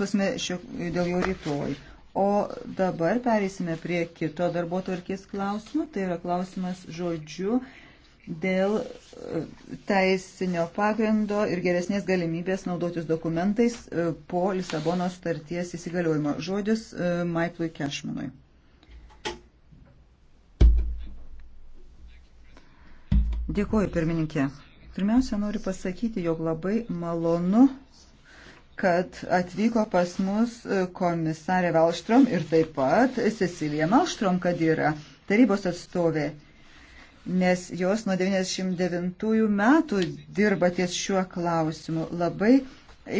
balsuosime šio, dėl jo rytoj. O dabar pereisime prie kito darbo tvarkės klausimo. Tai yra klausimas žodžiu dėl e, teisinio pagrindo ir geresnės galimybės naudotis dokumentais e, po Lisabonos starties įsigaliojimo. Žodis e, Maiklui Kešmanui. Dėkuoju, pirmininkė. Pirmiausia, noriu pasakyti, jog labai malonu kad atvyko pas mus e, komisarė Valštrom ir taip pat Cecilija Malštrom, kad yra tarybos atstovė, nes jos nuo 99 metų dirba ties šiuo klausimu. Labai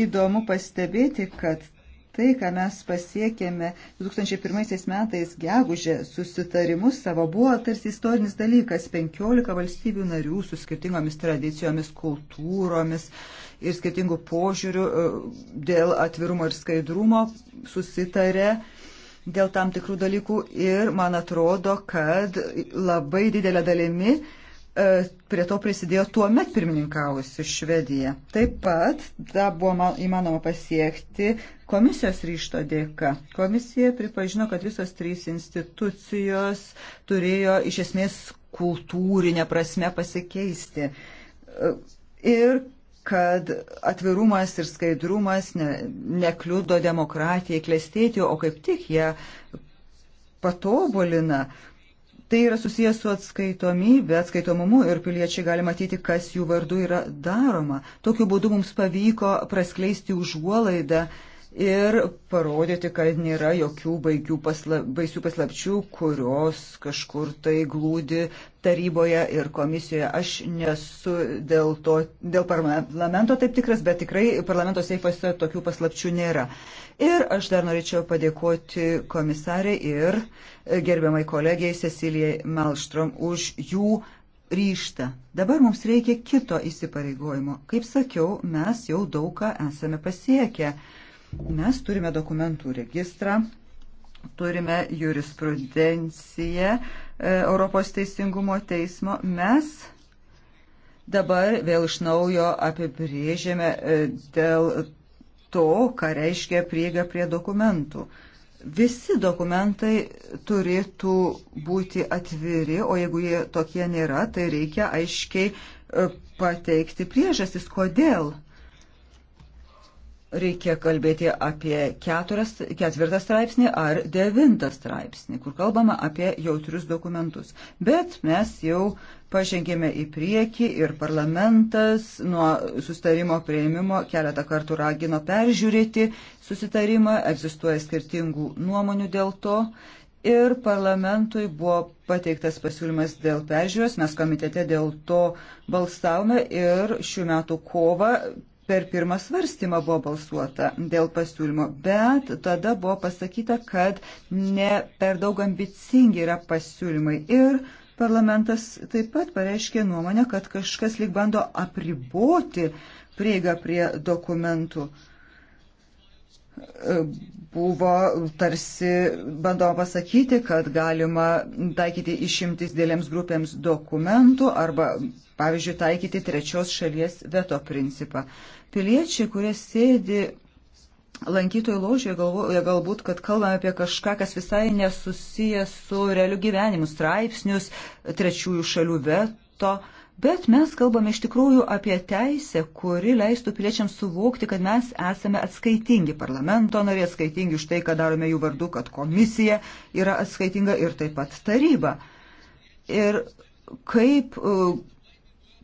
įdomu pastebėti, kad tai, ką mes pasiekėme 2001 metais gegužė susitarimus savo, buvo tarsi istorinis dalykas - 15 valstybių narių su skirtingomis tradicijomis, kultūromis ir skirtingų požiūrių e, dėl atvirumo ir skaidrumo susitarė dėl tam tikrų dalykų ir man atrodo, kad labai didelė dalimi E, prie to prisidėjo tuo met pirmininkavusi Švedija. Taip pat tą buvo įmanoma pasiekti komisijos ryšto dėka. Komisija pripažino, kad visos trys institucijos turėjo iš esmės kultūrinę prasme pasikeisti. E, ir kad atvirumas ir skaidrumas ne, nekliudo demokratijai klestėti, o kaip tik ją patobulina. Uh, Tai yra susijęs su atskaitomybė, atskaitomumu ir piliečiai gali matyti, kas jų vardu yra daroma. Tokiu būdu mums pavyko praskleisti užuolaidą uh, ir parodyti, kad nėra jokių pasla, baisių paslapčių, kurios kažkur tai glūdi taryboje ir komisijoje. Aš nesu dėl, to, dėl parlamento taip tikras, bet tikrai parlamento seifuose tokių paslapčių nėra. Ir aš dar norėčiau padėkoti komisarė ir gerbiamai kolegijai Cecilijai Malštrom už jų ryštą. Dabar mums reikia kito įsipareigojimo. Kaip sakiau, mes jau daug ką esame pasiekę. Mes turime dokumentų registrą, turime jurisprudenciją e, Europos teisingumo teismo. Mes dabar vėl iš naujo apibrėžėme e, dėl to, ką reiškia prieiga prie dokumentų. Visi dokumentai turėtų būti atviri, o jeigu jie tokie nėra, tai reikia aiškiai e, pateikti priežastis, kodėl reikia kalbėti apie keturias, ketvirtą straipsnį ar devintą straipsnį, kur kalbama apie jautrius dokumentus. Bet mes jau pažengėme į priekį ir parlamentas nuo sustarimo prieimimo keletą kartų ragino peržiūrėti susitarimą, egzistuoja skirtingų nuomonių dėl to. Ir parlamentui buvo pateiktas pasiūlymas dėl peržiūros, mes komitete dėl to balsavome ir šių metų kovą per pirmą svarstymą buvo balsuota dėl pasiūlymo, bet tada buvo pasakyta, kad ne per daug ambicingi yra pasiūlymai. Ir parlamentas taip pat pareiškė nuomonę, kad kažkas lyg bando apriboti prieigą prie dokumentų. Uh, buvo tarsi bandoma pasakyti, kad galima taikyti išimtis dėlėms grupėms dokumentų arba, pavyzdžiui, taikyti trečios šalies veto principą. Piliečiai, kurie sėdi lankytojų ložėje, galvoja galbūt, kad kalbame apie kažką, kas visai nesusijęs su realiu gyvenimu, straipsnius, trečiųjų šalių veto. Uh, Bet mes kalbame iš tikrųjų apie teisę, kuri leistų piliečiams suvokti, kad mes esame atskaitingi. Parlamento nariai atskaitingi už tai, ką darome jų vardu, kad komisija yra atskaitinga ir taip pat taryba. Ir kaip, e,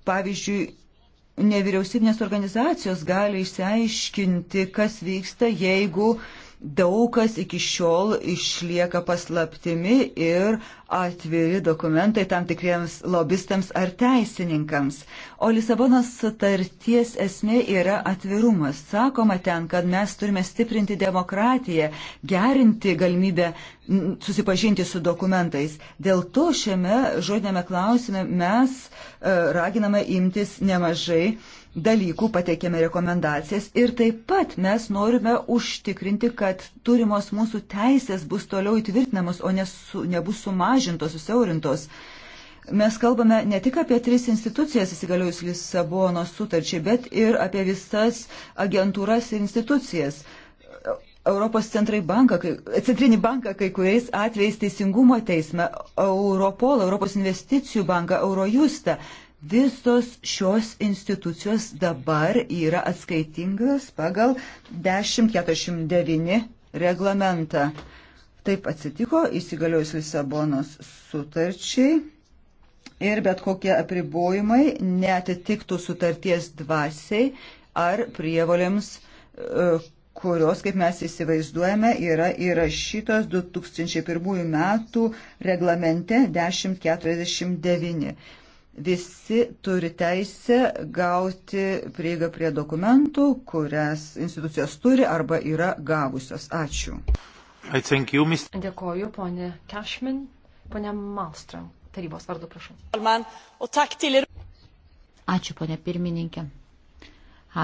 pavyzdžiui, nevyriausybinės organizacijos gali išsiaiškinti, kas vyksta, jeigu daug kas iki šiol išlieka paslaptimi ir atviri dokumentai tam tikriems lobistams ar teisininkams. O Lisabonos sutarties esmė yra atvirumas. Sakoma ten, kad mes turime stiprinti demokratiją, gerinti galimybę susipažinti su dokumentais. Dėl to šiame žodinėme klausime mes e, raginame imtis nemažai dalykų, pateikėme rekomendacijas ir taip pat mes norime užtikrinti, kad turimos mūsų teisės bus toliau įtvirtinamos, o ne su, nebus sumažinamos sumažintos, susiaurintos. Mes kalbame ne tik apie tris institucijas įsigaliojus Lisabonos sutarčiai, bet ir apie visas agentūras ir institucijas. Europos banką, centrinį banką, kai kuriais atvejais teisingumo teismą, Europolą, Europos investicijų banką, Eurojustą. Visos šios institucijos dabar yra atskaitingas pagal 1049 reglamentą. Taip atsitiko įsigaliojus Lisabonos sutarčiai ir bet kokie apribojimai netitiktų sutarties dvasiai ar prievolėms, e, kurios, kaip mes įsivaizduojame, yra įrašytos 2001 metų reglamente 1049. Visi turi teisę gauti prieigą prie dokumentų, kurias institucijos turi arba yra gavusios. Ačiū. You, Dėkoju, ponė Cashman, ponė Malstrom, tarybos vardu, prašau. Ačiū, ponė pirmininkė.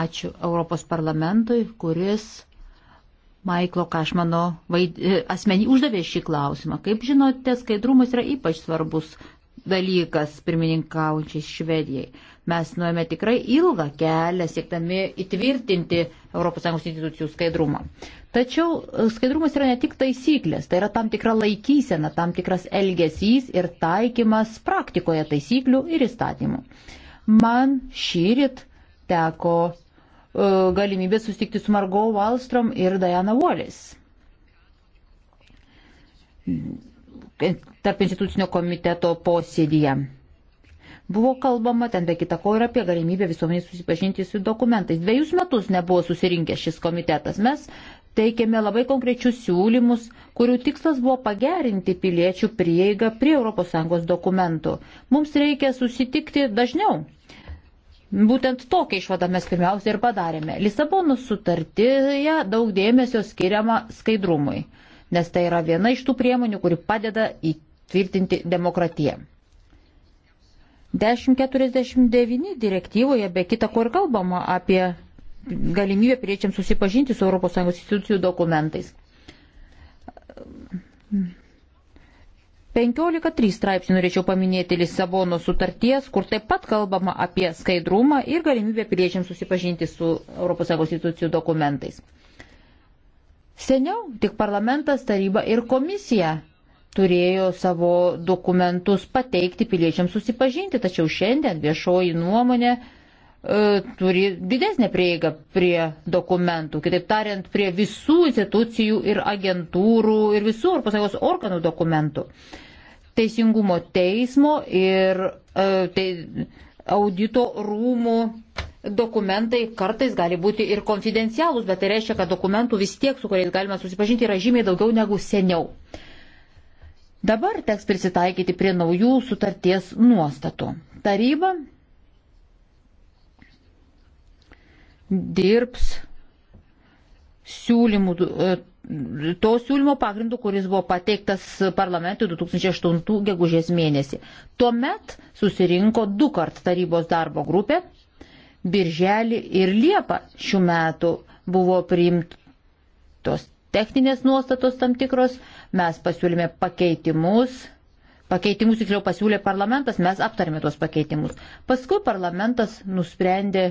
Ačiū Europos parlamentui, kuris Maiklo Kašmano vaid... E, asmenį uždavė šį klausimą. Kaip žinote, skaidrumas yra ypač svarbus dalykas pirmininkaujančiai Švedijai. Mes nuėjome tikrai ilgą kelią, siektami įtvirtinti ES institucijų skaidrumą. Tačiau e, skaidrumas yra ne tik taisyklės, tai yra tam tikra laikysena, tam tikras elgesys ir taikymas praktikoje taisyklių ir įstatymų. Man šyrit teko uh, galimybė susitikti su Margo Wallstrom ir Diana Wallis. Tarp institucinio komiteto posėdėje Buvo kalbama ten be kita ko ir apie galimybę visuomeniai susipažinti su dokumentais. Dviejus metus nebuvo susirinkęs šis komitetas. Mes teikėme labai konkrečius siūlymus, kurių tikslas buvo pagerinti piliečių prieigą prie ES dokumentų. Mums reikia susitikti dažniau. Būtent tokią išvadą mes pirmiausia ir padarėme. Lisabono sutartyje daug dėmesio skiriama skaidrumui, nes tai yra viena iš tų priemonių, kuri padeda įtvirtinti demokratiją. 1049 direktyvoje be kita kur kalbama apie galimybę priečiams susipažinti su ES institucijų dokumentais. 15.3 straipsnį norėčiau paminėti Lisabono sutarties, kur taip pat kalbama apie skaidrumą ir galimybę piliečiams susipažinti su ES institucijų dokumentais. Seniau tik parlamentas, taryba ir komisija turėjo savo dokumentus pateikti piliečiams susipažinti, tačiau šiandien viešoji nuomonė e, turi didesnę prieigą prie dokumentų, kitaip tariant, prie visų institucijų ir agentūrų ir visų ES organų dokumentų. Teisingumo teismo ir e, te, audito rūmų dokumentai kartais gali būti ir konfidencialūs, bet tai reiškia, kad dokumentų vis tiek, su kuriais galima susipažinti, yra žymiai daugiau negu seniau. Uh, Dabar teks prisitaikyti prie naujų sutarties nuostatų. Taryba dirbs siūlymų, e, to siūlymo pagrindu, kuris buvo pateiktas parlamentui 2008 gegužės mėnesį. Tuomet susirinko du kart tarybos darbo grupė. Birželį ir Liepą šių metų buvo priimtos techninės nuostatos tam tikros, mes pasiūlėme pakeitimus, pakeitimus tiksliau pasiūlė parlamentas, mes aptarėme tuos pakeitimus. Paskui parlamentas nusprendė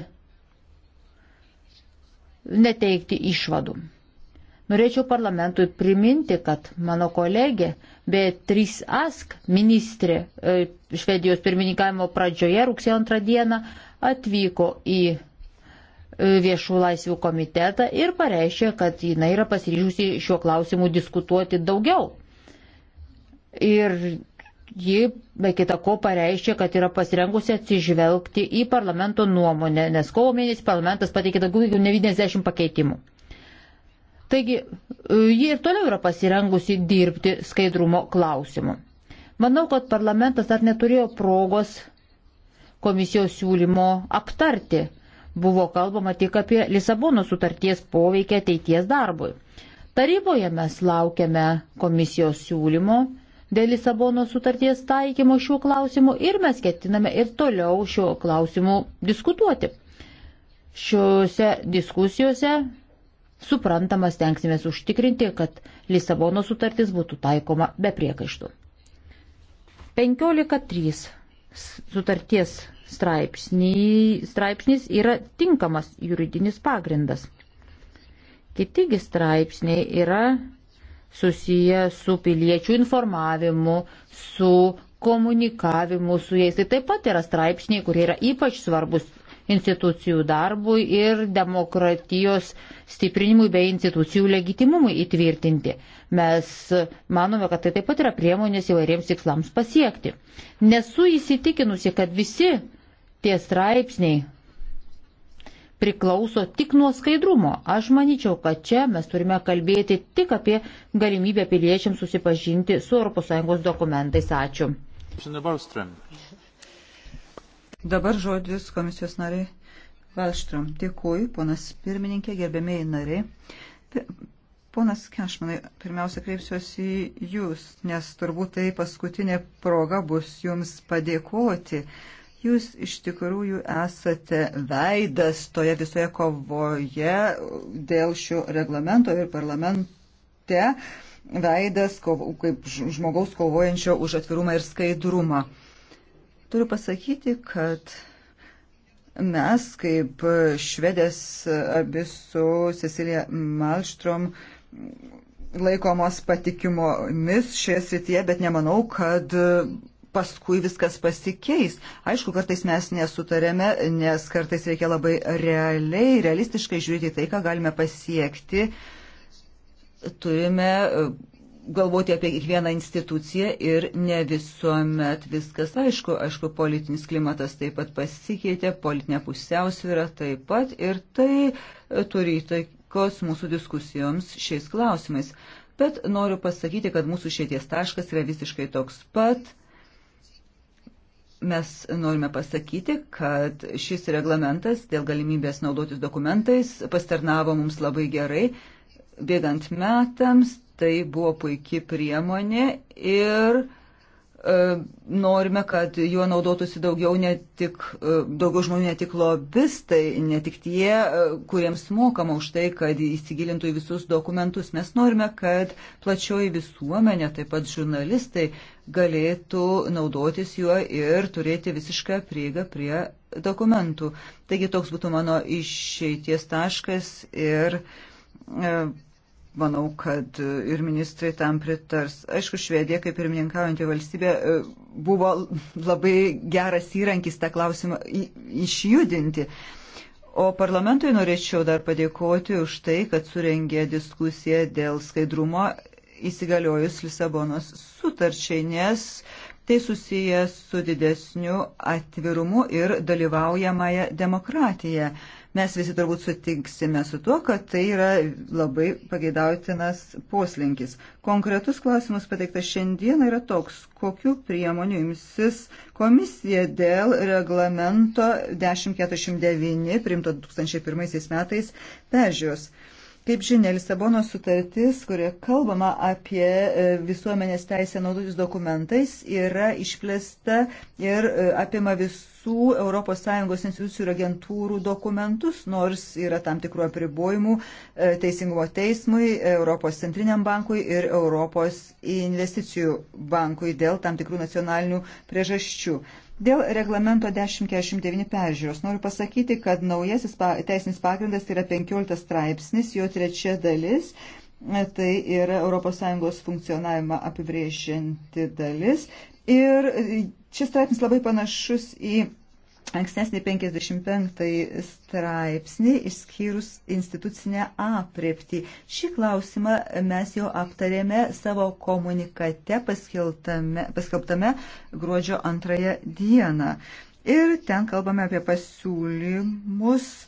neteikti išvadų. Norėčiau parlamentui priminti, kad mano kolegė B3 Ask ministrė e, Švedijos pirmininkavimo pradžioje rugsėjo antrą dieną atvyko į viešų laisvių komitetą ir pareiškė, kad jinai yra pasiryžusi šiuo klausimu diskutuoti daugiau. Ir ji, be kita ko, pareiškė, kad yra pasirengusi atsižvelgti į parlamento nuomonę, nes kovo mėnesį parlamentas pateikė daugiau negu 90 pakeitimų. Taigi, e, ji ir toliau yra pasirengusi dirbti skaidrumo klausimu. Manau, kad parlamentas dar neturėjo progos komisijos siūlymo aptarti buvo kalbama tik apie Lisabono sutarties poveikį ateities darbui. Taryboje mes laukiame komisijos siūlymo dėl Lisabono sutarties taikymo šiuo klausimu ir mes ketiname ir toliau šiuo klausimu diskutuoti. Šiuose diskusijose suprantamas tenksimės užtikrinti, kad Lisabono sutartis būtų taikoma be priekaištų. 15.3 sutarties straipsnį, straipsnis yra tinkamas juridinis pagrindas. Kitigi straipsniai yra susiję su piliečių informavimu, su komunikavimu su jais. Tai taip pat yra straipsniai, kurie yra ypač svarbus institucijų darbui ir demokratijos stiprinimui bei institucijų legitimumui įtvirtinti. Mes manome, kad tai taip pat yra priemonės įvairiems tikslams pasiekti. Nesu įsitikinusi, kad visi tie straipsniai priklauso tik nuo skaidrumo. Aš manyčiau, kad čia mes turime kalbėti tik apie galimybę piliečiams susipažinti su ES dokumentais. Ačiū. Dabar žodis komisijos nariai Valštrom. Dėkuoju, ponas pirmininkė, gerbėmiai nariai. Ponas Kešmanai, pirmiausia kreipsiuosi į Jūs, nes turbūt tai paskutinė proga bus Jums padėkoti Jūs iš tikrųjų esate veidas toje visoje kovoje dėl šio reglamento ir parlamente veidas kovo, kaip žmogaus kovojančio už atvirumą ir skaidrumą. Turiu pasakyti, kad mes kaip švedės abi su Cecilija Malštrom laikomos patikimomis šioje srityje, bet nemanau, kad paskui viskas pasikeis. Aišku, kartais mes nesutarėme, nes kartais reikia labai realiai, realistiškai žiūrėti tai, ką galime pasiekti. Turime e, galvoti apie kiekvieną instituciją ir ne visuomet viskas aišku. Aišku, politinis klimatas taip pat pasikeitė, politinė pusiausvyrą taip pat ir tai e, turi įtakos mūsų diskusijoms šiais klausimais. Bet noriu pasakyti, kad mūsų šėties taškas yra visiškai toks pat mes norime pasakyti, kad šis reglamentas dėl galimybės naudotis dokumentais pasternavo mums labai gerai. Bėgant metams tai buvo puikia priemonė ir E, norime, kad juo naudotųsi daugiau, ne tik, e, daugiau žmonių, ne tik lobistai, ne tik tie, e, kuriems mokama už tai, kad įsigilintų į visus dokumentus. Mes norime, kad plačioji visuomenė, taip pat žurnalistai, galėtų naudotis juo ir turėti visišką prieigą prie dokumentų. Taigi toks būtų mano išeities taškas ir. E, manau, kad e, ir ministrai tam pritars. Aišku, Švedija, kaip pirmininkaujantį valstybę, e, buvo labai geras įrankis tą klausimą išjudinti. O parlamentui norėčiau dar padėkoti už tai, kad surengė diskusiją dėl skaidrumo įsigaliojus Lisabonos sutarčiai, nes tai susijęs su didesniu atvirumu ir dalyvaujamąją demokratiją. Mes visi turbūt sutinksime su tuo, kad tai yra labai pageidautinas poslinkis. Konkretus klausimas pateiktas šiandien yra toks, kokiu priemoniu imsis komisija dėl reglamento 1049 primto 2001 metais peržiūros. Kaip žinia, Lisabono sutartis, kurioje kalbama apie e, visuomenės teisę naudotis dokumentais, yra išplėsta ir e, apima visų ES institucijų ir agentūrų dokumentus, nors yra tam tikrų apribojimų e, Teisingumo teismui, Europos centriniam bankui ir Europos investicijų bankui dėl tam tikrų nacionalinių priežasčių. Dėl reglamento 1049 peržiūros noriu pasakyti, kad naujasis teisinis pagrindas tai yra 15 straipsnis, jo trečia dalis. E, tai yra ES funkcionavimą apibrėžianti dalis. Ir e, šis straipsnis labai panašus į ankstesnį 55 straipsnį išskyrus institucinę apriepti. Šį klausimą mes jau aptarėme savo komunikate paskelbtame gruodžio antrąją dieną. Ir ten kalbame apie pasiūlymus e,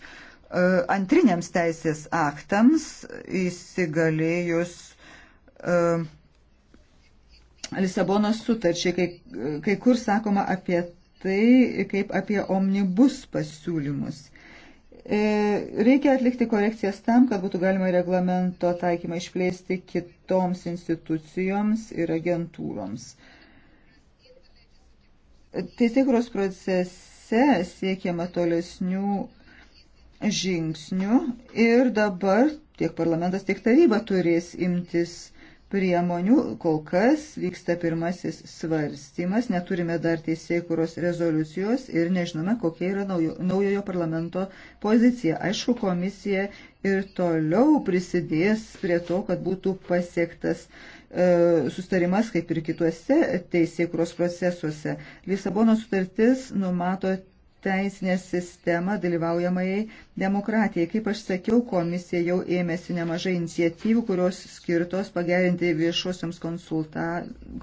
antriniams teisės aktams įsigalėjus e, Lisabonos sutarčiai, kai, kai kur sakoma apie tai kaip apie omnibus pasiūlymus. E, reikia atlikti korekcijas tam, kad būtų galima reglamento taikymą išplėsti kitoms institucijoms ir agentūroms. Teisėkuros procese siekiama tolesnių žingsnių ir dabar tiek parlamentas, tiek taryba turės imtis priemonių. Kol kas vyksta pirmasis svarstymas, neturime dar teisėkuros rezoliucijos ir nežinome, kokia yra naujo, naujojo parlamento pozicija. Aišku, komisija ir toliau prisidės prie to, kad būtų pasiektas e, sustarimas kaip ir kituose teisėkuros procesuose. Lisabono sutartis numato teisinę sistemą dalyvaujamai demokratijai. Kaip aš sakiau, komisija jau ėmėsi nemažai iniciatyvų, kurios skirtos pagerinti viešosiams konsulta,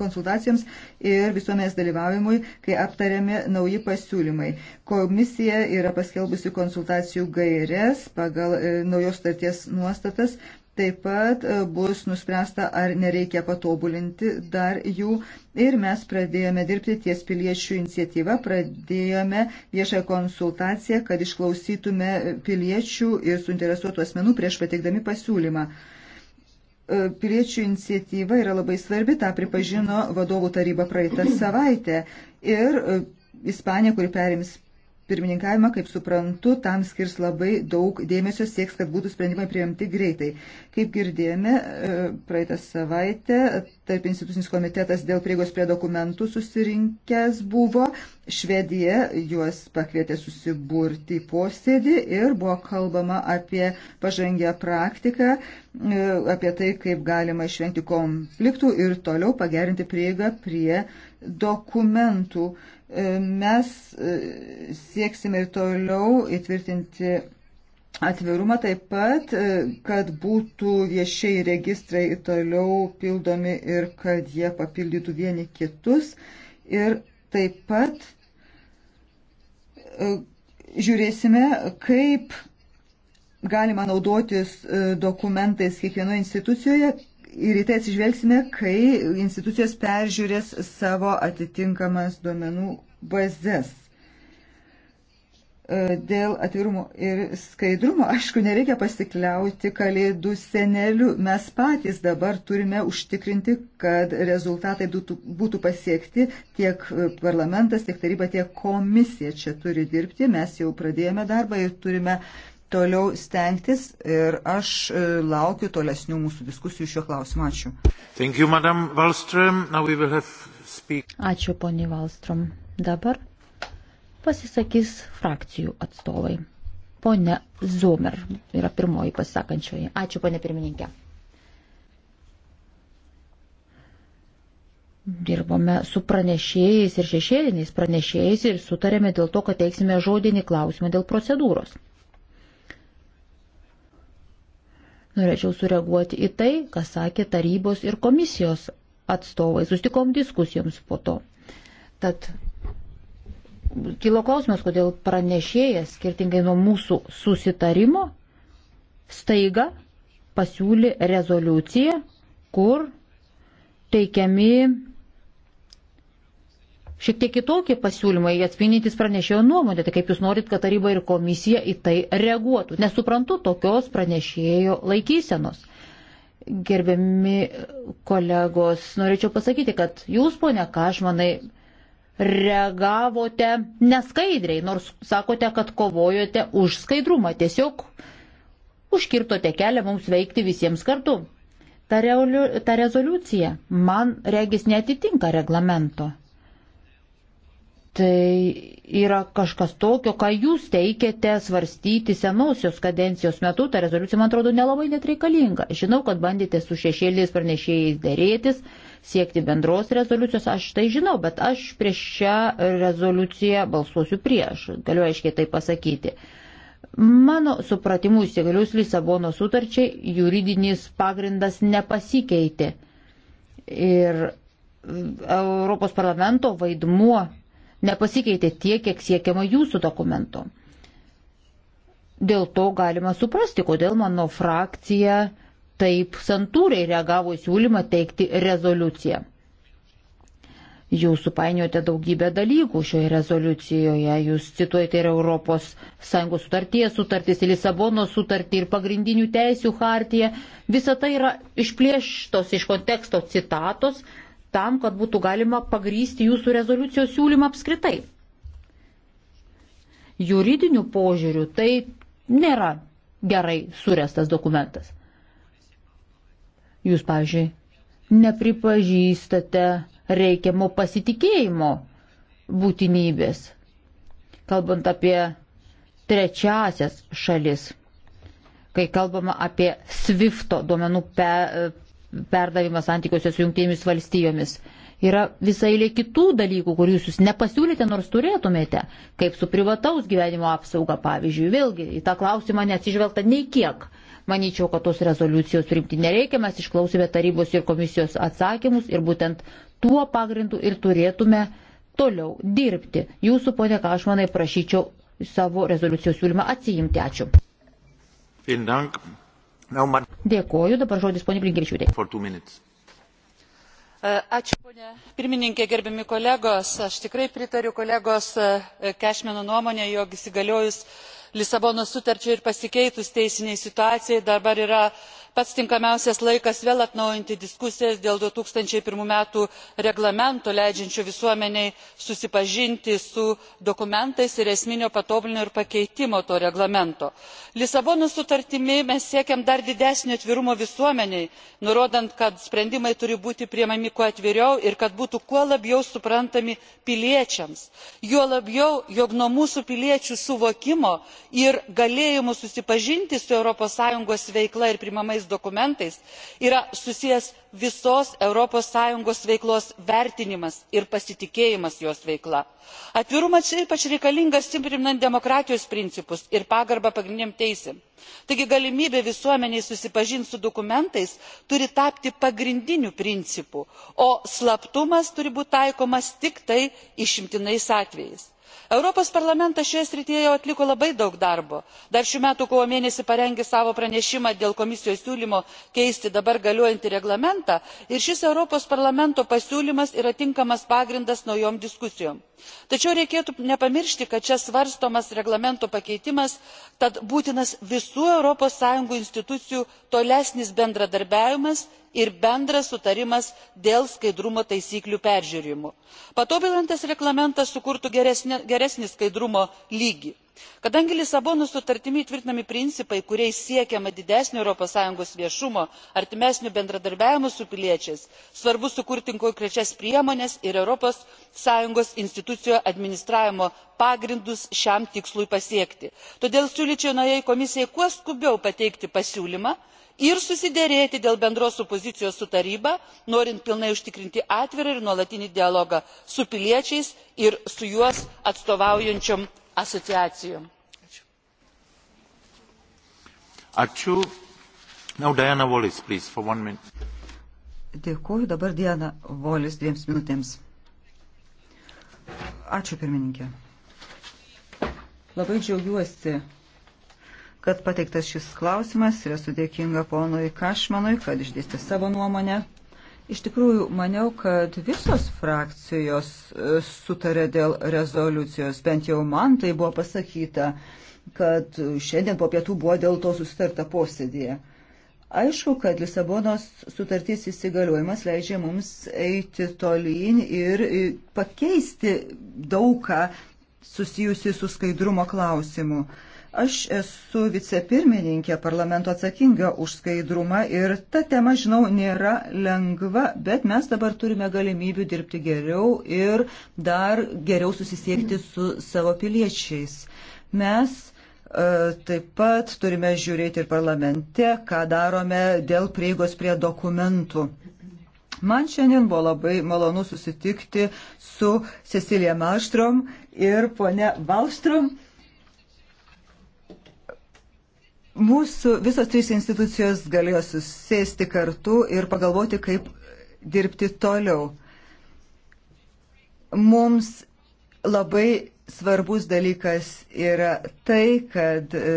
konsultacijoms ir visuomenės dalyvavimui, kai aptariami nauji pasiūlymai. Komisija yra paskelbusi konsultacijų gairias pagal e, naujos starties nuostatas Taip pat e, bus nuspręsta, ar nereikia patobulinti dar jų. Ir mes pradėjome dirbti ties piliečių iniciatyva, pradėjome viešą konsultaciją, kad išklausytume piliečių ir suinteresuotų asmenų prieš pateikdami pasiūlymą. E, piliečių iniciatyva yra labai svarbi, tą pripažino vadovų taryba praeitą savaitę. Ir e, Ispanija, kuri perims pirmininkavimą, kaip suprantu, tam skirs labai daug dėmesio, sieks, kad būtų sprendimai priimti greitai. Kaip girdėjome, e, praeitą savaitę tarp institucinis komitetas dėl prieigos prie dokumentų susirinkęs buvo, Švedija juos pakvietė susiburti į posėdį ir buvo kalbama apie pažangę praktiką, e, apie tai, kaip galima išvengti konfliktų ir toliau pagerinti prieigą prie dokumentų. Uh, E, mes e, sieksime ir toliau įtvirtinti atvirumą taip pat, e, kad būtų viešiai registrai ir toliau pildomi ir kad jie papildytų vieni kitus. Ir taip pat žiūrėsime, kaip galima naudotis dokumentais kiekvienoje institucijoje, ir į tai atsižvelgsime, kai institucijos peržiūrės savo atitinkamas duomenų bazės. E, dėl atvirumo ir skaidrumo, aišku, nereikia pasikliauti kalėdų seneliu. Mes patys dabar turime užtikrinti, kad rezultatai būtų pasiekti tiek parlamentas, tiek taryba, tiek komisija čia turi dirbti. Mes jau pradėjome darbą ir turime toliau stengtis ir aš e, laukiu tolesnių mūsų diskusijų šiuo klausimu. Ačiū. Thank you, Ačiū, poniai Valstrom. Dabar pasisakys frakcijų atstovai. Pone Zumer yra pirmoji pasisakančioji. Ačiū, pone pirmininkė. Dirbome su pranešėjais ir šešėliniais pranešėjais ir sutarėme dėl to, kad teiksime žodinį klausimą dėl procedūros. Norėčiau sureaguoti į tai, kas sakė tarybos ir komisijos atstovai. Sustikom diskusijoms po to. Tad kilo klausimas, kodėl pranešėjas, skirtingai nuo mūsų susitarimo, staiga pasiūlė rezoliuciją, kur teikiami šiek tiek kitokie pasiūlymai, atspindintys pranešėjo nuomonę, tai kaip jūs norit, kad taryba ir komisija į tai reaguotų. Nesuprantu tokios pranešėjo laikysenos. Gerbiami kolegos, norėčiau pasakyti, kad jūs, ponia Kažmanai, reagavote neskaidriai, nors sakote, kad kovojote už skaidrumą, tiesiog užkirtote kelią mums veikti visiems kartu. Ta, reoliu, ta rezoliucija man regis netitinka reglamento tai yra kažkas tokio, ką jūs teikėte svarstyti senosios kadencijos metu, ta rezoliucija, man atrodo, nelabai net reikalinga. Žinau, kad bandėte su šešėliais pranešėjais dėrėtis, siekti bendros rezoliucijos, aš tai žinau, bet aš prieš šią rezoliuciją balsuosiu prieš, galiu aiškiai tai pasakyti. Mano supratimu, įsigalius Lisabono sutarčiai, juridinis pagrindas nepasikeitė. Ir Europos parlamento vaidmuo nepasikeitė tiek, kiek siekiama jūsų dokumento. Dėl to galima suprasti, kodėl mano frakcija taip santūriai reagavo į siūlymą teikti rezoliuciją. Jūs supainiote daugybę dalykų šioje rezoliucijoje, jūs cituojate ir ES sutarties sutartys, Lisabono sutartį ir pagrindinių teisių hartiją. Visa tai yra išplėštos iš konteksto citatos, tam, kad būtų galima pagrysti jūsų rezoliucijos siūlymą apskritai. Juridinių požiūrių tai nėra gerai surestas dokumentas. Jūs, pavyzdžiui, nepripažįstate reikiamo pasitikėjimo būtinybės, kalbant apie trečiasias šalis, kai kalbama apie SWIFTO duomenų pe, perdavimas santykiuose su jungtėmis valstijomis. Yra visai lė kitų dalykų, kur jūs, jūs nepasiūlyte, nors turėtumėte, kaip su privataus gyvenimo apsauga, pavyzdžiui. Vėlgi, į tą klausimą neatsižvelgta nei kiek. Manyčiau, kad tos rezoliucijos priimti nereikia, mes išklausėme tarybos ir komisijos atsakymus ir būtent tuo pagrindu ir turėtume toliau dirbti. Jūsų, ponė Kašmanai, prašyčiau savo rezoliucijos siūlymą atsijimti. Ačiū. Dank. Na, man... Dėkoju, dabar žodis ponė Blinkevičiūtė. E, ačiū, ponė pirmininkė, gerbiami kolegos. Aš tikrai pritariu kolegos e, Kešmeno nuomonė, jog įsigaliojus Lisabono sutarčiai ir pasikeitus teisiniai situacijai dabar yra pats tinkamiausias laikas vėl atnaujinti diskusijas dėl du tūkstančiai vienas metų reglamento leidžiančio visuomenei susipažinti su dokumentais ir esminio patobulinimo ir pakeitimo to reglamento. lisabonos sutartimi mes siekiame dar didesnio atvirumo visuomenei nurodant kad sprendimai turi būti priimami kuo atviriau ir kad būtų kuo labiau suprantami piliečiams juo labiau jog nuo mūsų piliečių suvokimo ir galėjimo susipažinti su europos sąjungos veikla ir priimamais dokumentais yra susijęs visos es veiklos vertinimas ir pasitikėjimas jos veikla. atvirumas čia ypač reikalingas stiprinant demokratijos principus ir pagarbą pagrindinėms teisėms. taigi galimybė visuomenei susipažinti su dokumentais turi tapti pagrindiniu principu o slaptumas turi būti taikomas tik tai išimtinais atvejais europos parlamentas šioje srityje jau atliko labai daug darbo dar šių metų kovo mėnesį parengė savo pranešimą dėl komisijos siūlymo keisti dabar galiojantį reglamentą ir šis europos parlamento pasiūlymas yra tinkamas pagrindas naujoms diskusijoms tačiau reikėtų nepamiršti kad čia svarstomas reglamento pakeitimas tad būtinas visų europos sąjungos institucijų tolesnis bendradarbiavimas ir bendras sutarimas dėl skaidrumo taisyklių peržiūrėjimo. patobulintas reglamentas sukurtų geresnį skaidrumo lygį kadangi lisabonos sutartimi įtvirtinami principai kuriais siekiama didesnio europos sąjungos viešumo artimesnio bendradarbiavimo su piliečiais svarbu sukurti konkrečias priemones ir europos sąjungos institucijų administravimo pagrindus šiam tikslui pasiekti. todėl siūlyčiau naujai komisijai kuo skubiau pateikti pasiūlymą ir susiderėti dėl bendros pozicijos su taryba norint pilnai užtikrinti atvirą ir nuolatinį dialogą su piliečiais ir juos atstovaujančiom asociacijų. Ačiū. Ačiū. Now Diana Wallis, please, for one minute. Dėkuoju dabar Diana Wallis dviems minutėms. Ačiū pirmininkė. Labai džiaugiuosi, kad pateiktas šis klausimas ir esu dėkinga ponui Kašmanui, kad išdėstė savo nuomonę. Iš tikrųjų, maniau, kad visos frakcijos e, sutarė dėl rezoliucijos, bent jau man tai buvo pasakyta, kad šiandien po pietų buvo dėl to susitarta posėdėje. Aišku, kad Lisabonos sutarties įsigaliojimas leidžia mums eiti tolyn ir e, pakeisti daugą susijusi su skaidrumo klausimu. Aš esu vicepirmininkė parlamento atsakinga už skaidrumą ir ta tema, žinau, nėra lengva, bet mes dabar turime galimybių dirbti geriau ir dar geriau susisiekti su savo piliečiais. Mes e, Taip pat turime žiūrėti ir parlamente, ką darome dėl prieigos prie dokumentų. Man šiandien buvo labai malonu susitikti su Cecilija Malštrom ir ponia Valštrom. Mūsų visos trys institucijos galėjo susėsti kartu ir pagalvoti, kaip dirbti toliau. Mums labai svarbus dalykas yra tai, kad e,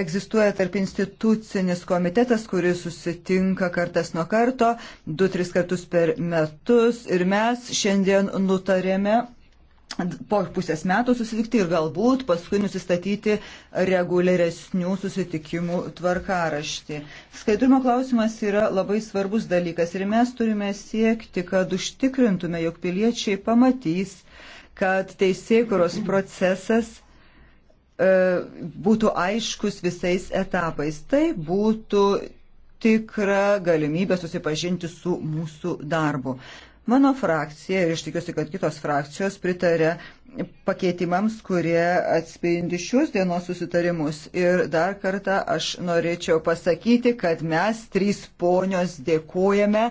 egzistuoja tarp institucinis komitetas, kuris susitinka kartas nuo karto, du, tris kartus per metus ir mes šiandien nutarėme po pusės metų susitikti ir galbūt paskui nusistatyti reguliaresnių susitikimų tvarkaraštį. Skaidrumo klausimas yra labai svarbus dalykas ir mes turime siekti, kad užtikrintume, jog piliečiai pamatys, kad teisėkuros procesas e, būtų aiškus visais etapais. Tai būtų tikra galimybė susipažinti su mūsų darbu. Mano frakcija ir iš tikiuosi, kad kitos frakcijos pritarė pakeitimams, kurie atspindi šios dienos susitarimus. Ir dar kartą aš norėčiau pasakyti, kad mes trys ponios dėkojame,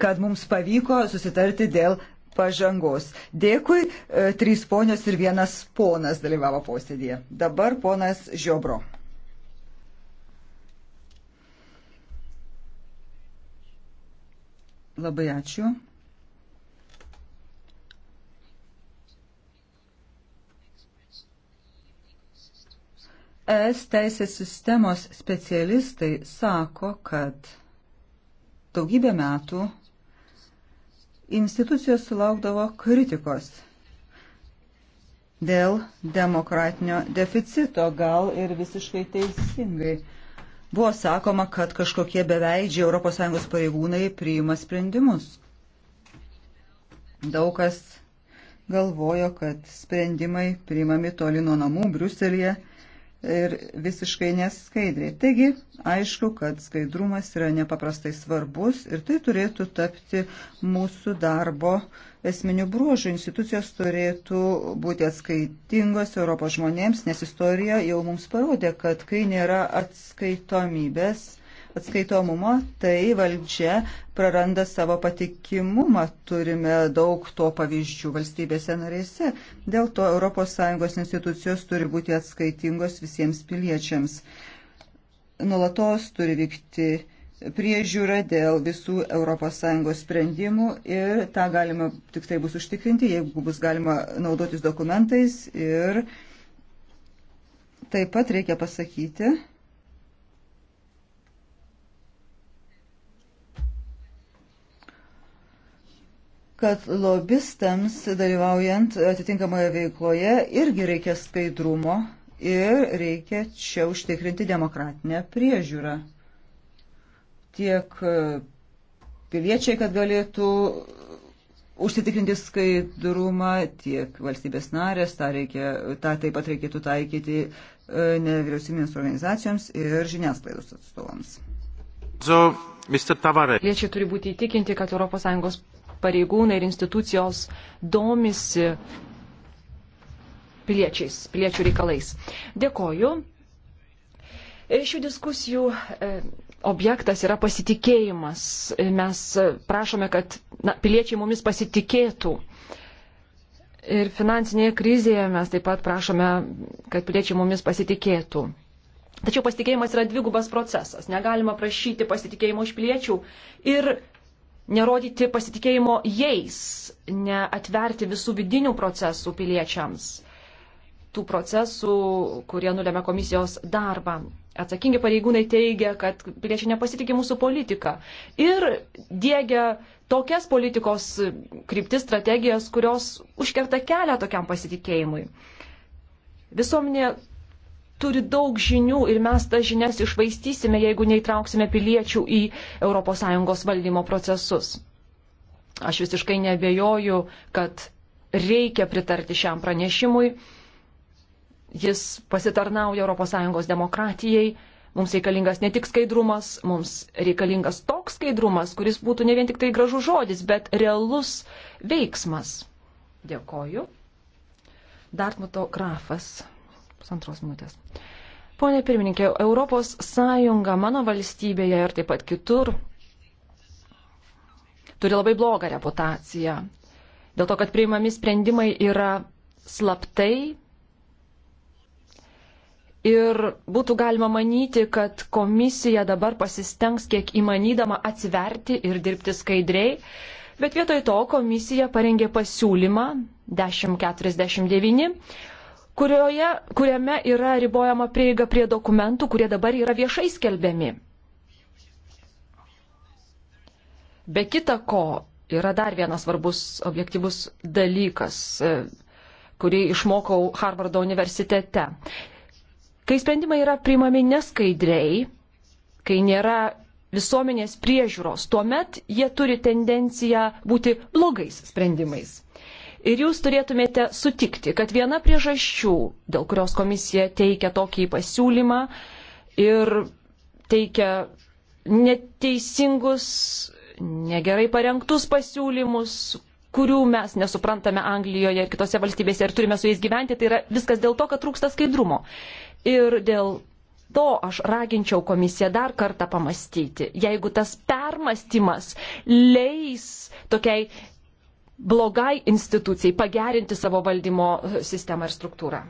kad mums pavyko susitarti dėl pažangos. Dėkui, e, trys ponios ir vienas ponas dalyvavo posėdėje. Dabar ponas Žiobro. Labai ačiū. Es teisės sistemos specialistai sako, kad daugybę metų institucijos sulaukdavo kritikos dėl demokratinio deficito, gal ir visiškai teisingai. Buvo sakoma, kad kažkokie beveidžiai ES pareigūnai priima sprendimus. Daug kas galvojo, kad sprendimai priimami toli nuo namų Bruselėje ir visiškai neskaidriai. Taigi, aišku, kad skaidrumas yra nepaprastai svarbus ir tai turėtų tapti mūsų darbo esminių bruožų. Institucijos turėtų būti atskaitingos Europos žmonėms, nes istorija jau mums parodė, kad kai nėra atskaitomybės, atskaitomumo, tai valdžia praranda savo patikimumą. Turime daug to pavyzdžių valstybėse narėse. Dėl to ES institucijos turi būti atskaitingos visiems piliečiams. Nulatos turi vykti priežiūra dėl visų ES sprendimų ir tą galima tik tai bus užtikrinti, jeigu bus galima naudotis dokumentais ir taip pat reikia pasakyti, kad lobistams dalyvaujant atitinkamoje veikloje irgi reikia skaidrumo ir reikia čia užtikrinti demokratinę priežiūrą. Tiek piliečiai, kad galėtų užsitikrinti skaidrumą, tiek valstybės narės, tą, reikia, tą taip pat reikėtų taikyti e, nevyriausybinėms organizacijoms ir žiniasklaidos atstovams. So, Piliečiai turi būti įtikinti, kad ES pareigūnai ir institucijos domisi piliečiais, piliečių reikalais. Dėkoju. E, šių diskusijų e, objektas yra pasitikėjimas. E, mes prašome, kad na, piliečiai mumis pasitikėtų. Ir finansinėje krizėje mes taip pat prašome, kad piliečiai mumis pasitikėtų. Tačiau pasitikėjimas yra dvigubas procesas. Negalima prašyti pasitikėjimo iš piliečių ir nerodyti pasitikėjimo jais, neatverti visų vidinių procesų piliečiams, tų procesų, kurie nulėmė komisijos darbą. Atsakingi pareigūnai teigia, kad piliečiai nepasitikė mūsų politiką ir dėgia tokias politikos kryptis, strategijas, kurios užkerta kelią tokiam pasitikėjimui. Visuomenė turi daug žinių ir mes tas žinias išvaistysime, jeigu neįtrauksime piliečių į ES valdymo procesus. Aš visiškai nebejoju, kad reikia pritarti šiam pranešimui. Jis pasitarnauja ES demokratijai. Mums reikalingas ne tik skaidrumas, mums reikalingas toks skaidrumas, kuris būtų ne vien tik tai gražus žodis, bet realus veiksmas. Dėkoju. Dartmuto grafas pusantros minutės. Pone pirmininkė, Europos Sąjunga mano valstybėje ir taip pat kitur turi labai blogą reputaciją. Dėl to, kad priimami sprendimai yra slaptai ir būtų galima manyti, kad komisija dabar pasistengs kiek įmanydama atsiverti ir dirbti skaidriai, bet vietoj to komisija parengė pasiūlymą 1049 kurioje, kuriame yra ribojama prieiga prie dokumentų, kurie dabar yra viešai skelbiami. Be kita ko, yra dar vienas svarbus objektivus dalykas, e, kurį išmokau Harvardo universitete. Kai sprendimai yra priimami neskaidriai, kai nėra visuomenės priežiūros, tuomet jie turi tendenciją būti blogais sprendimais. Ir jūs turėtumėte sutikti, kad viena priežasčių, dėl kurios komisija teikia tokį pasiūlymą ir teikia neteisingus, negerai parengtus pasiūlymus, kurių mes nesuprantame Anglijoje ir kitose valstybėse ir turime su jais gyventi, tai yra viskas dėl to, kad trūksta skaidrumo. Ir dėl to aš raginčiau komisiją dar kartą pamastyti, jeigu tas permastymas leis tokiai blogai institucijai pagerinti savo valdymo sistemą ir struktūrą.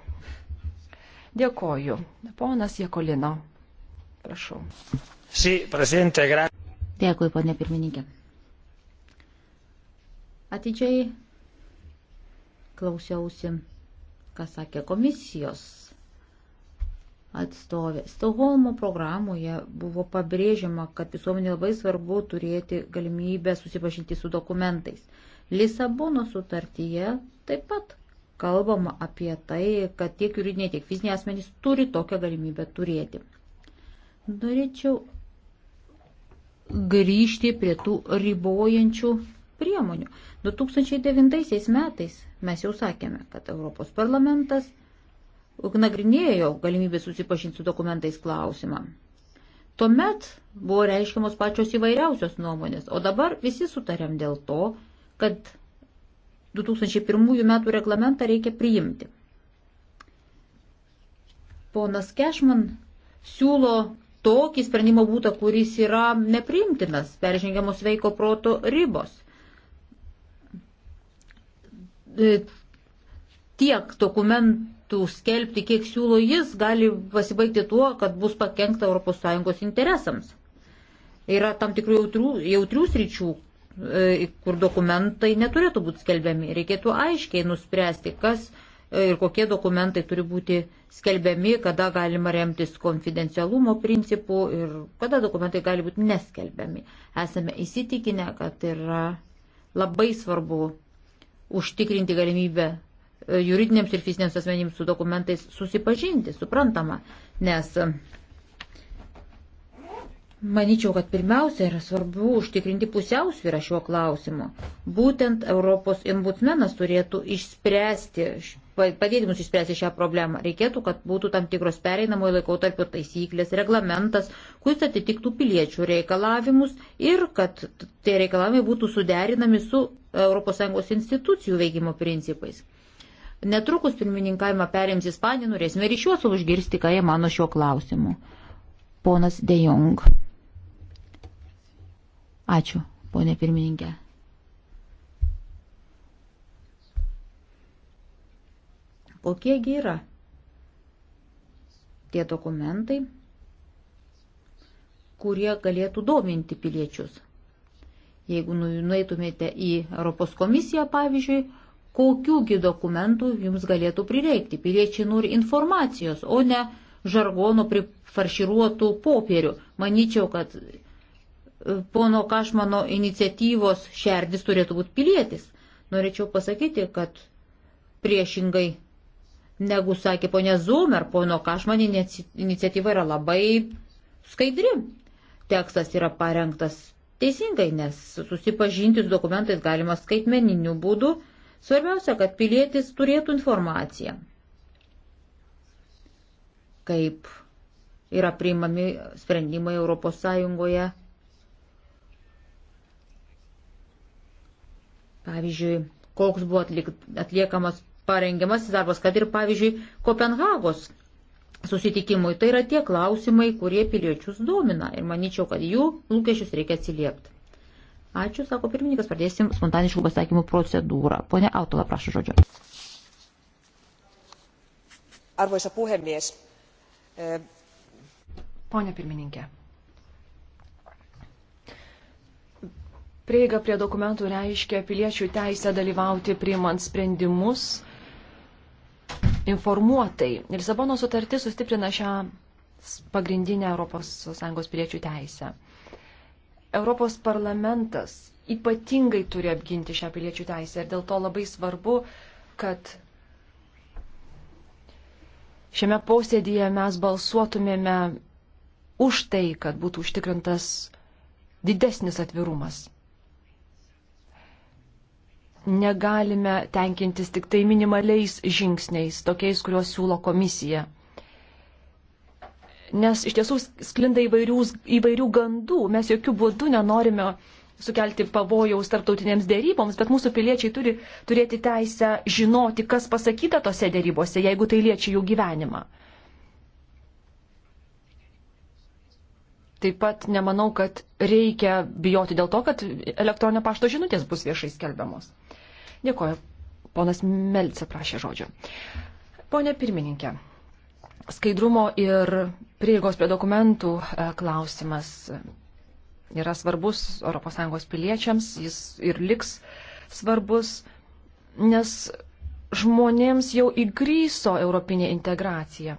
Dėkoju. Ponas Jekolino. Prašau. Sí, gra... Dėkui, ponė pirmininkė. Atidžiai klausiausi, ką sakė komisijos atstovė. Stokholmo programoje buvo pabrėžiama, kad visuomenė labai svarbu turėti galimybę susipažinti su dokumentais. Lisabono sutartyje taip pat kalbama apie tai, kad tiek juridiniai, tiek fiziniai asmenys turi tokią galimybę turėti. Norėčiau grįžti prie tų ribojančių priemonių. 2009 metais mes jau sakėme, kad Europos parlamentas nagrinėjo galimybę susipažinti su dokumentais klausimą. Tuomet buvo reiškiamos pačios įvairiausios nuomonės, o dabar visi sutarėm dėl to, kad 2001 metų reglamentą reikia priimti. Ponas Kešman siūlo tokį sprendimo būdą, kuris yra nepriimtinas, peržengiamos veiko proto ribos. E, tiek dokumentų skelbti, kiek siūlo jis, gali pasibaigti tuo, kad bus pakengta ES interesams. Yra tam tikrų jautrių, jautrių sričių, E, kur dokumentai neturėtų būti skelbiami. Reikėtų aiškiai nuspręsti, kas e, ir kokie dokumentai turi būti skelbiami, kada galima remtis konfidencialumo principų ir kada dokumentai gali būti neskelbiami. Esame įsitikinę, kad yra labai svarbu užtikrinti galimybę e, juridiniams ir fiziniams asmenims su dokumentais susipažinti, suprantama, nes Maničiau, kad pirmiausia yra svarbu užtikrinti pusiausvyrą šiuo klausimu. Būtent Europos imbutsmenas turėtų išspręsti, padėti mums išspręsti šią problemą. Reikėtų, kad būtų tam tikros pereinamojo laikotarpio taisyklės, reglamentas, kuris atitiktų piliečių reikalavimus ir kad tie reikalavimai būtų suderinami su ES institucijų veikimo principais. Netrukus pirmininkavimą perims Ispanija, norėsime ir iš juos užgirsti, ką jie mano šiuo klausimu. Ponas De Jong. Ačiū, ponė pirmininkė. Kokiegi yra tie dokumentai, kurie galėtų dominti piliečius? Jeigu nu, nueitumėte į Europos komisiją, pavyzdžiui, kokiųgi dokumentų jums galėtų prireikti. Piliečiai nori informacijos, o ne žargono prifarširuotų popierių. Manyčiau, kad pono Kašmano iniciatyvos šerdis turėtų būti pilietis. Norėčiau pasakyti, kad priešingai negu sakė ponė Zumer, pono Kašman iniciatyva yra labai skaidri. Tekstas yra parengtas teisingai, nes susipažinti su dokumentais galima skaitmeniniu būdu. Svarbiausia, kad pilietis turėtų informaciją, kaip yra priimami sprendimai ES Pavyzdžiui, koks buvo atlik, atliekamas parengiamasis darbas, kad ir, pavyzdžiui, Kopenhagos susitikimui. Tai yra tie klausimai, kurie piliečius domina ir manyčiau, kad jų lūkesčius reikia atsiliepti. Ačiū, sako pirmininkas, pradėsim spontaniškų pasakymų procedūrą. Pone Autola, prašau žodžio. Arvoisa puhemies. E, Pone pirmininkė. Prieiga prie dokumentų reiškia piliečių teisę dalyvauti priimant sprendimus informuotai. Lisabono sutartis sustiprina šią pagrindinę ES piliečių teisę. Europos parlamentas ypatingai turi apginti šią piliečių teisę ir dėl to labai svarbu, kad šiame posėdėje mes balsuotumėme už tai, kad būtų užtikrintas didesnis atvirumas negalime tenkintis tik tai minimaliais žingsniais, tokiais, kuriuos siūlo komisija. Nes iš tiesų sklinda įvairių, įvairių gandų, mes jokių būdų nenorime sukelti pavojaus tarptautinėms dėryboms, bet mūsų piliečiai turi turėti teisę žinoti, kas pasakyta tose dėrybose, jeigu tai liečia jų gyvenimą. Taip pat nemanau, kad reikia bijoti dėl to, kad elektroninio pašto žinutės bus viešai skelbiamos. Dėkoju. Ponas Melce prašė žodžio. Pone pirmininkė, skaidrumo ir prieigos prie dokumentų e, klausimas yra svarbus ES piliečiams, jis ir liks svarbus, nes žmonėms jau įgryso europinė integracija.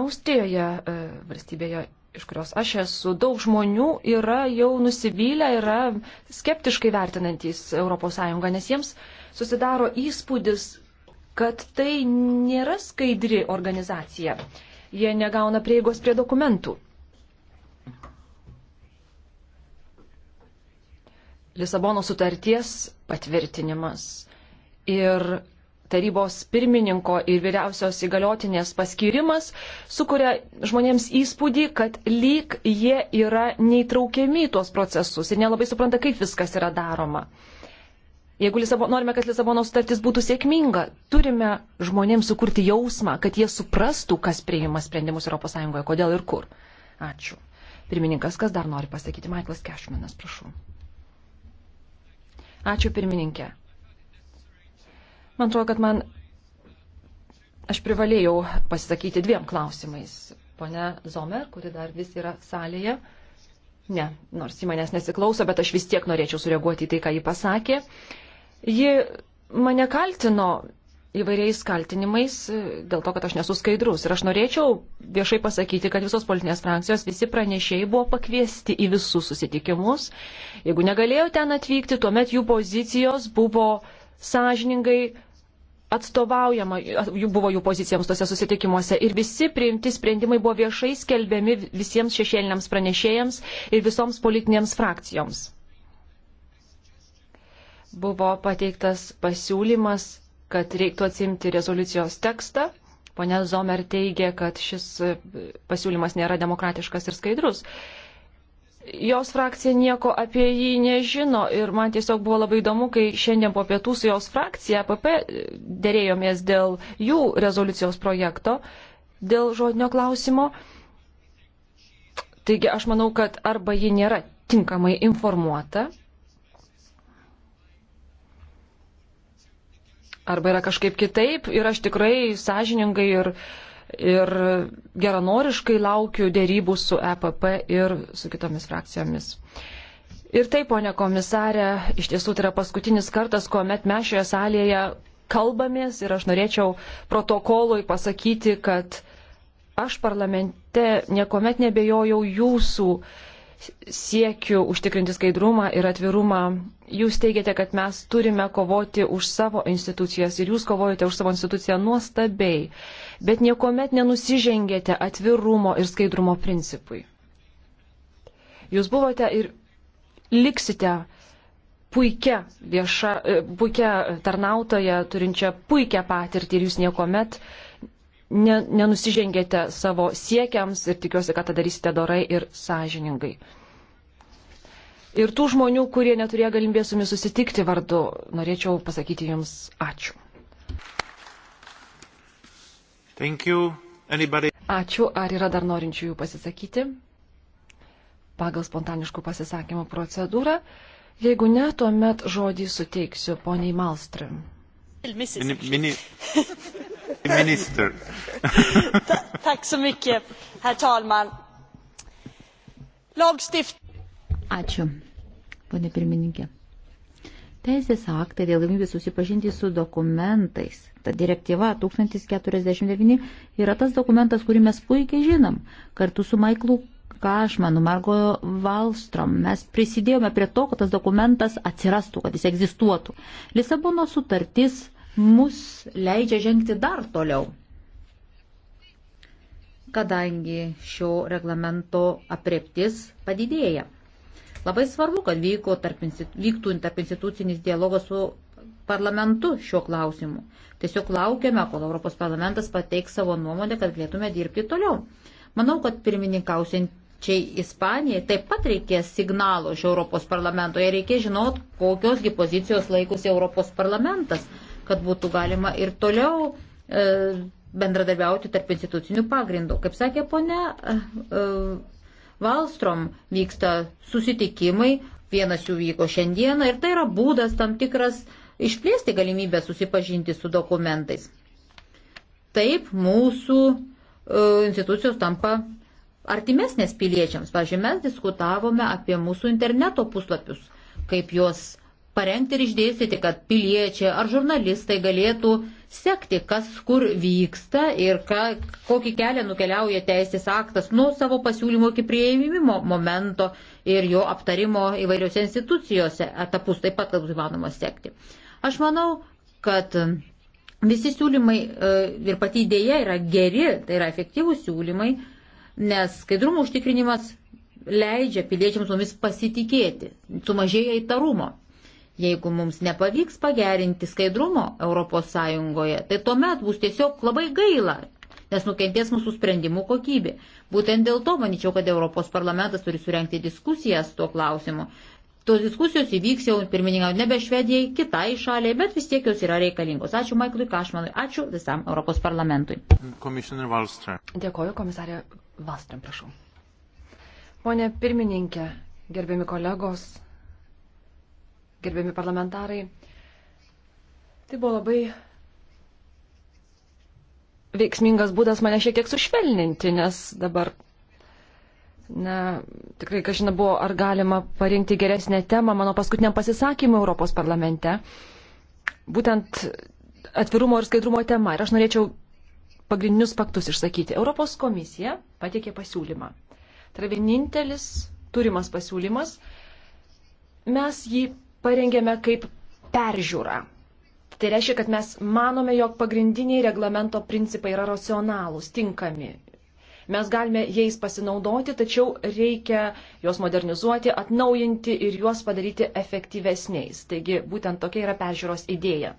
Austrijoje, e, valstybėje iš kurios aš esu, daug žmonių yra jau nusivylę, yra skeptiškai vertinantys ES, nes jiems susidaro įspūdis, kad tai nėra skaidri organizacija. Jie negauna prieigos prie dokumentų. Lisabono sutarties patvirtinimas ir tarybos pirmininko ir vyriausios įgaliotinės paskirimas sukuria žmonėms įspūdį, kad lyg jie yra neįtraukiami į tuos procesus ir nelabai supranta, kaip viskas yra daroma. Jeigu Lisabo, norime, kad Lisabono sutartis būtų sėkminga, turime žmonėms sukurti jausmą, kad jie suprastų, kas priima sprendimus ES, kodėl ir kur. Ačiū. Pirmininkas, kas dar nori pasakyti? Michaelas Kešminas, prašau. Ačiū pirmininkė. Man atrodo, kad man aš privalėjau pasisakyti dviem klausimais. Pone Zomer, kuri dar vis yra salėje. Ne, nors ji manęs nesiklauso, bet aš vis tiek norėčiau sureaguoti į tai, ką ji pasakė. Ji mane kaltino įvairiais kaltinimais dėl to, kad aš nesu skaidrus. Ir aš norėčiau viešai pasakyti, kad visos politinės frakcijos, visi pranešėjai buvo pakviesti į visus susitikimus. Jeigu negalėjo ten atvykti, tuomet jų pozicijos buvo sąžiningai atstovaujama, jų buvo jų pozicijoms tose susitikimuose ir visi priimti sprendimai buvo viešai skelbiami visiems šešėliniams pranešėjams ir visoms politinėms frakcijoms. Buvo pateiktas pasiūlymas, kad reiktų atsimti rezoliucijos tekstą. Pone Zomer teigia, kad šis pasiūlymas nėra demokratiškas ir skaidrus jos frakcija nieko apie jį nežino ir man tiesiog buvo labai įdomu, kai šiandien po pietų su jos frakcija PP dėrėjomės dėl jų rezoliucijos projekto, dėl žodinio klausimo. Taigi aš manau, kad arba ji nėra tinkamai informuota, arba yra kažkaip kitaip ir aš tikrai sąžiningai ir uh, ir geranoriškai laukiu dėrybų su EPP ir su kitomis frakcijomis. Ir taip, ponė komisarė, iš tiesų tai yra paskutinis kartas, kuomet mes šioje salėje kalbamės ir aš norėčiau protokolui pasakyti, kad aš parlamente niekuomet nebejojau jūsų siekiu užtikrinti skaidrumą ir atvirumą. Jūs teigiate, kad mes turime kovoti už savo institucijas ir jūs kovojate už savo instituciją nuostabiai bet niekuomet nenusižengėte atvirumo ir skaidrumo principui. Jūs buvote ir liksite puikia, vieša, e, puikia tarnautoja, turinčia puikią patirtį ir jūs niekuomet ne, nenusižengėte savo siekiams ir tikiuosi, kad tą darysite dorai ir sąžiningai. Ir tų žmonių, kurie neturėjo galimybės su jumis susitikti vardu, norėčiau pasakyti jums ačiū. Ačiū. Ar yra dar norinčiųjų pasisakyti? Pagal spontaniškų pasisakymų procedūrą. Jeigu ne, tuomet žodį suteiksiu poniai Malstrim. Mini, mini, minister. Ačiū, ponė pirmininkė. Teisės aktai dėl galimybės susipažinti su dokumentais. Ta direktyva 1049 yra tas dokumentas, kurį mes puikiai žinom. Kartu su Maiklu Kašmanu, Margo Valstrom mes prisidėjome prie to, kad tas dokumentas atsirastų, kad jis egzistuotų. Lisabono sutartis mus leidžia žengti dar toliau, kadangi šio reglamento apreptis padidėja. Labai svarbu, kad vyko tarp, vyktų tarp institucinis dialogas su parlamentu šiuo klausimu. Tiesiog laukiame, kol Europos parlamentas pateiks savo nuomonę, kad galėtume dirbti toliau. Manau, kad pirmininkausiančiai Ispanijai taip pat reikės signalo iš Europos parlamento. Jei reikės žinot, kokiosgi pozicijos laikosi Europos parlamentas, kad būtų galima ir toliau e, bendradarbiauti tarp institucinių pagrindų. Kaip sakė ponia. E, e, Valstrom vyksta susitikimai, vienas jų vyko šiandieną ir tai yra būdas tam tikras išplėsti galimybę susipažinti su dokumentais. Taip mūsų e, institucijos tampa artimesnės piliečiams. Pavyzdžiui, mes diskutavome apie mūsų interneto puslapius, kaip juos parengti ir išdėstyti, kad piliečiai ar žurnalistai galėtų sekti, kas kur vyksta ir ką, kokį kelią nukeliauja teisės aktas nuo savo pasiūlymo iki prieimimo momento ir jo aptarimo įvairiose institucijose etapus taip pat, kad būtų įmanoma sekti. Aš manau, kad e, visi siūlymai e, ir pati idėja yra geri, tai yra efektyvūs siūlymai, nes skaidrumo užtikrinimas leidžia piliečiams mumis pasitikėti, sumažėja įtarumo. Jeigu mums nepavyks pagerinti skaidrumo ES, tai tuomet bus tiesiog labai gaila, nes nukentės mūsų sprendimų kokybė. Būtent dėl to manyčiau, kad Europos parlamentas turi surenkti diskusijas tuo klausimu. Tos diskusijos įvyks jau pirmininkau nebe Švedijai, kitai šaliai, bet vis tiek jos yra reikalingos. Ačiū Maiklui Kašmanui, ačiū visam Europos parlamentui. Dėkoju, komisarė Valstrom, prašau. Pone pirmininkė, gerbiami kolegos, gerbiami parlamentarai. Tai buvo labai veiksmingas būdas mane šiek tiek sušvelninti, nes dabar, na, tikrai, kažina buvo, ar galima parinkti geresnę temą mano paskutiniam pasisakymui Europos parlamente. Būtent atvirumo ir skaidrumo tema. Ir aš norėčiau pagrindinius faktus išsakyti. Europos komisija pateikė pasiūlymą. Tai yra vienintelis turimas pasiūlymas. Mes jį parengėme kaip peržiūrą. Tai reiškia, kad mes manome, jog pagrindiniai reglamento principai yra racionalūs, tinkami. Mes galime jais pasinaudoti, tačiau reikia juos modernizuoti, atnaujinti ir juos padaryti efektyvesniais. Taigi būtent tokia yra peržiūros idėja.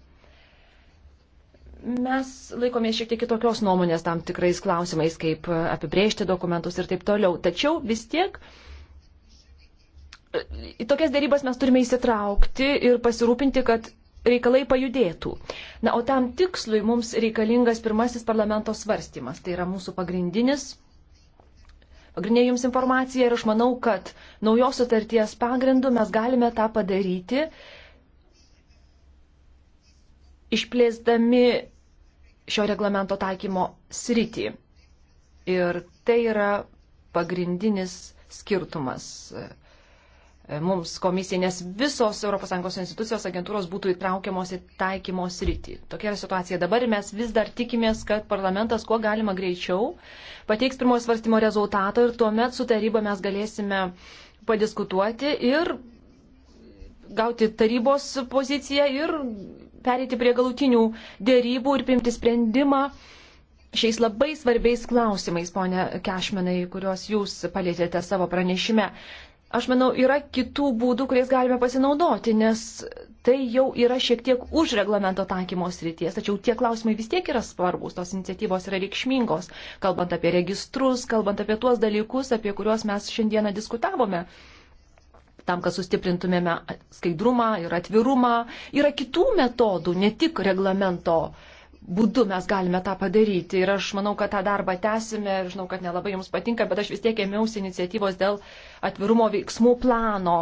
Mes laikomės šiek tiek kitokios nuomonės tam tikrais klausimais, kaip apibrėžti dokumentus ir taip toliau. Tačiau vis tiek uh, į tokias dėrybas mes turime įsitraukti ir pasirūpinti, kad reikalai pajudėtų. Na, o tam tikslui mums reikalingas pirmasis parlamento svarstymas. Tai yra mūsų pagrindinis. Pagrindinė jums informacija ir aš manau, kad naujos sutarties pagrindu mes galime tą padaryti, išplėsdami šio reglamento taikymo sritį. Ir tai yra pagrindinis skirtumas mums komisija, nes visos ES institucijos agentūros būtų įtraukiamos į taikymo sritį. Tokia yra situacija dabar ir mes vis dar tikimės, kad parlamentas kuo galima greičiau pateiks pirmojo svarstymo rezultato ir tuomet su taryba mes galėsime padiskutuoti ir gauti tarybos poziciją ir pereiti prie galutinių dėrybų ir priimti sprendimą šiais labai svarbiais klausimais, ponė Kešmenai, kuriuos jūs palėtėte savo pranešime aš manau, yra kitų būdų, kuriais galime pasinaudoti, nes tai jau yra šiek tiek už reglamento taikymo srities, tačiau tie klausimai vis tiek yra svarbus, tos iniciatyvos yra reikšmingos, kalbant apie registrus, kalbant apie tuos dalykus, apie kuriuos mes šiandieną diskutavome. Tam, kad sustiprintumėme skaidrumą ir atvirumą, yra kitų metodų, ne tik reglamento uh, būdu mes galime tą padaryti. Ir aš manau, kad tą darbą tęsime, žinau, kad nelabai jums patinka, bet aš vis tiek ėmiausi iniciatyvos dėl atvirumo veiksmų plano.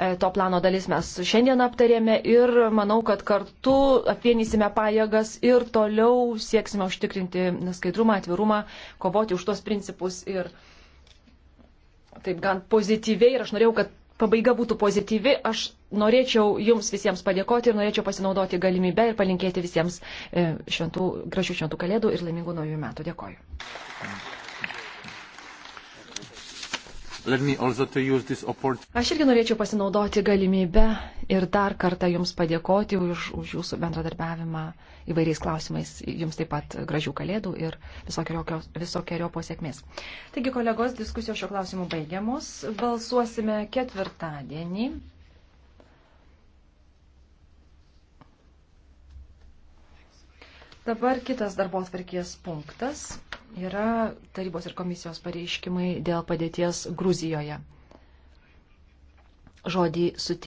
E, to plano dalis mes šiandien aptarėme ir manau, kad kartu apvienysime pajėgas ir toliau sieksime užtikrinti skaidrumą, atvirumą, kovoti už tuos principus ir taip gan pozityviai. Ir aš norėjau, kad pabaiga būtų pozityvi. Aš norėčiau jums visiems padėkoti ir norėčiau pasinaudoti galimybę ir palinkėti visiems e, šventų, gražių šventų kalėdų ir laimingų naujų metų. Dėkoju. Aš irgi norėčiau pasinaudoti galimybę ir dar kartą Jums padėkoti už, už Jūsų bendradarbiavimą įvairiais klausimais. Jums taip pat gražių kalėdų ir visokiojo pasiekmės. Taigi, kolegos, diskusijos šio klausimu baigiamos. Balsuosime ketvirtadienį. Dabar kitas darbos tvarkės punktas yra tarybos ir komisijos pareiškimai dėl padėties Gruzijoje. Žodį sutikti.